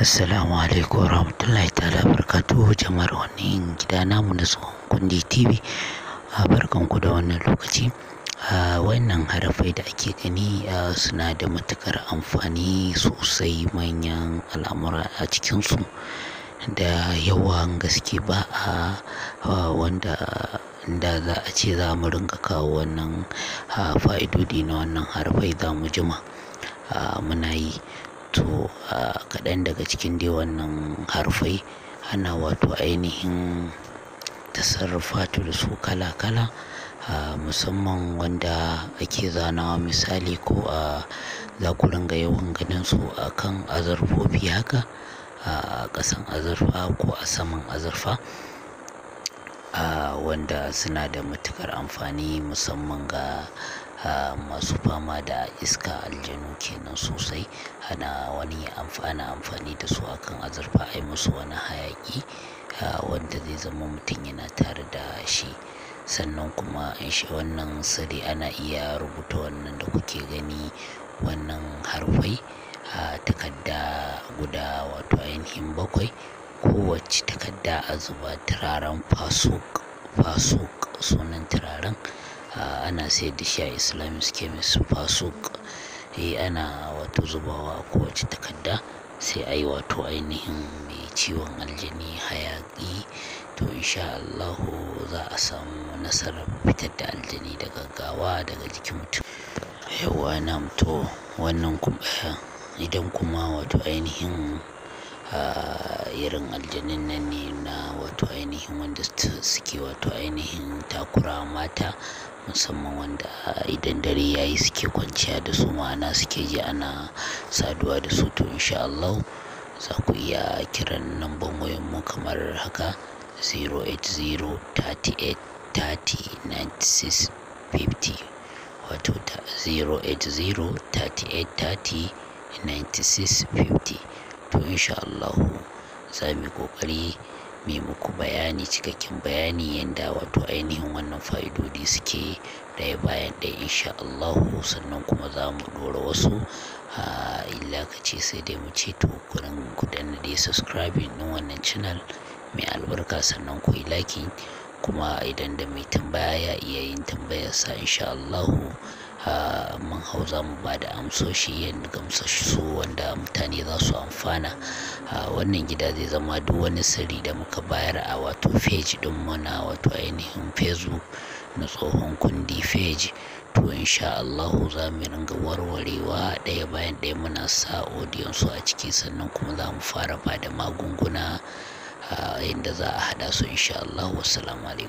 Assalamu alaikum warahmatullahi ta'ala barkatuhu jama'ar wannan gida namu na tsohon kundi TV a barkanku da wannan lokaci a wannan harafai da ake gani suna da matukar amfani sosai manyan al'amura a cikinsu da yawan gaske ba a wanda da za a ce za mu ringa kawo wannan fa'idodi na wannan harafai za mu jima muna yi a kaɗan daga cikin dai wannan harfai ana wato ainihin tasarrufatu da su kala-kala a musamman wanda ake zanawa misali ko a za ku ringa yawan ganin su a kan azurfofi haka a ƙasan azurfa ko a saman azurfa a wanda suna da matukar amfani musamman ga Ah, masu fama da iska aljanu kenan sosai ana wani amfana amfani da su akan azurfa ai musu wani hayaki ah, wanda zai zama mutum yana tare da shi sannan kuma shi wannan sare ana iya rubuta wannan da kuke gani wannan harfai a ah, takarda guda wato ainihin bakwai kowace takarda a zuba turaren fasuk sunan turaren ana sayar da shi a Islamic chemist Fasuk e, ana wato zubawa a kowace takarda sai a yi wato ainihin mai ciwon aljani hayaƙi to insha Allahu za a samu nasarar fitar da aljani da gaggawa daga jikin mutum yawa na mutu wannan eh, idan kuma wato ainihin irin aljanun nan ne na wato ainihin wanda suke wato ainihin takura mata musamman wanda idan dare ya yi suke kwanciya da su ma'ana suke ji ana saduwa da su to insha Allah za ku iya kiran namban mu kamar haka 080 30 96 50 wato 080 30 96 50 to insha Allah za mu kokari mu muku bayani cikakken bayani yanda wato ainihin wannan fa'idodi suke ɗaya bayan ɗaya insha Allahu sannan kuma za mu ɗora wasu a kace sai dai mu ce to kurin ku danna dai subscribing ɗin wannan channel mai albarka sannan ku yi liking kuma idan da mai tambaya ya iya yin tambayarsa insha Allahu mun hau za mu ba da amsoshi yadda su wanda mutane za su amfana wannan gida zai zama duk wani sirri da muka bayar a wato feji din mana wato ainihin fezu na tsohon kundi feji to insha Allahu za mu ringa warwarewa ɗaya bayan ɗaya muna sa audiyon su a ciki sannan kuma za mu fara ba da magunguna yadda za a haɗa su insha Allahu wasu